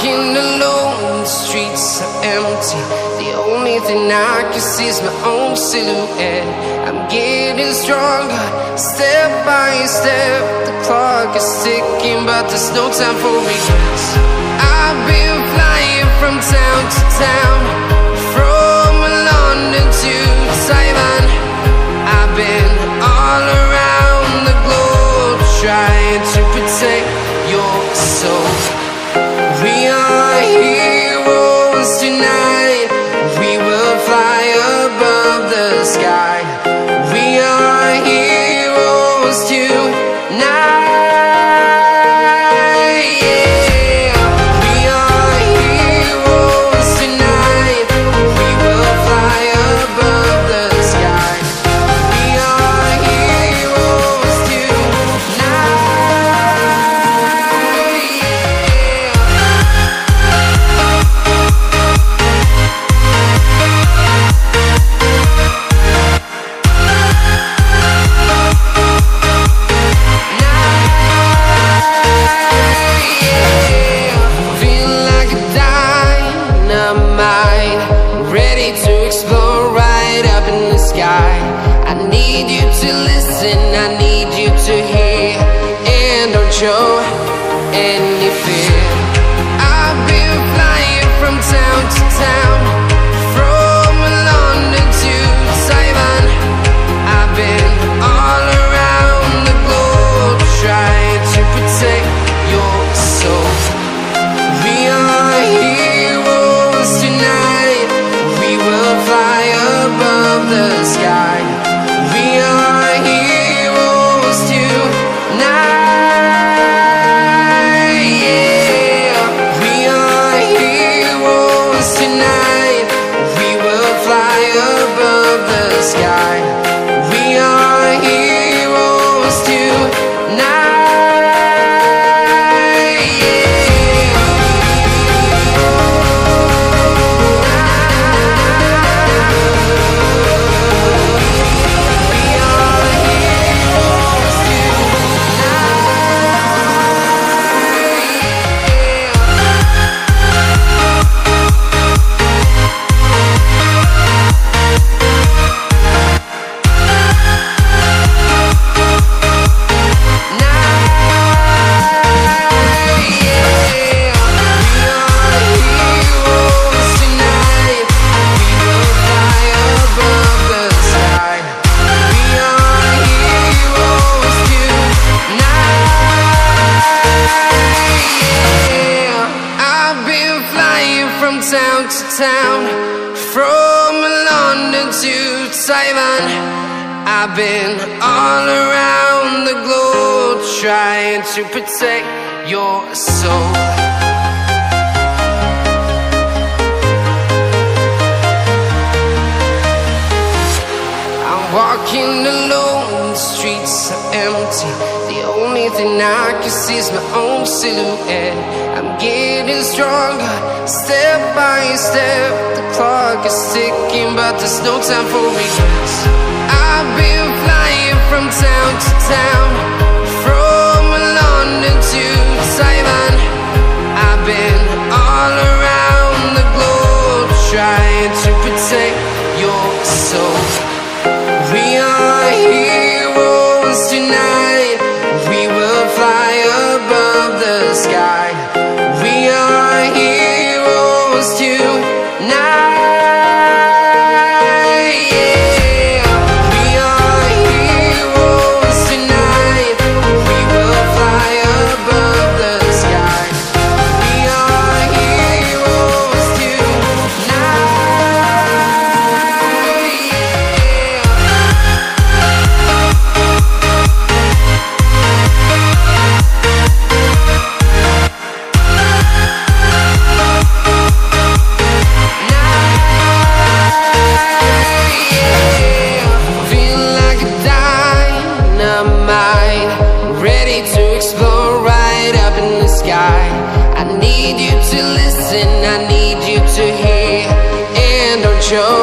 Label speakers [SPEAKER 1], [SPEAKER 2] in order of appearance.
[SPEAKER 1] Walking alone, the streets are empty. The only thing I can see is my own silhouette. I'm getting stronger, step by step. The clock is ticking, but there's no time for regrets. I've been flying from town to town. show any fear I've been flying from town to town from town to town, from London to Taiwan. I've been all around the globe trying to protect your soul. walking alone, the streets are empty The only thing I can see is my own silhouette I'm getting stronger, step by step The clock is ticking, but there's no time for regrets I've been flying from town to town From London to now show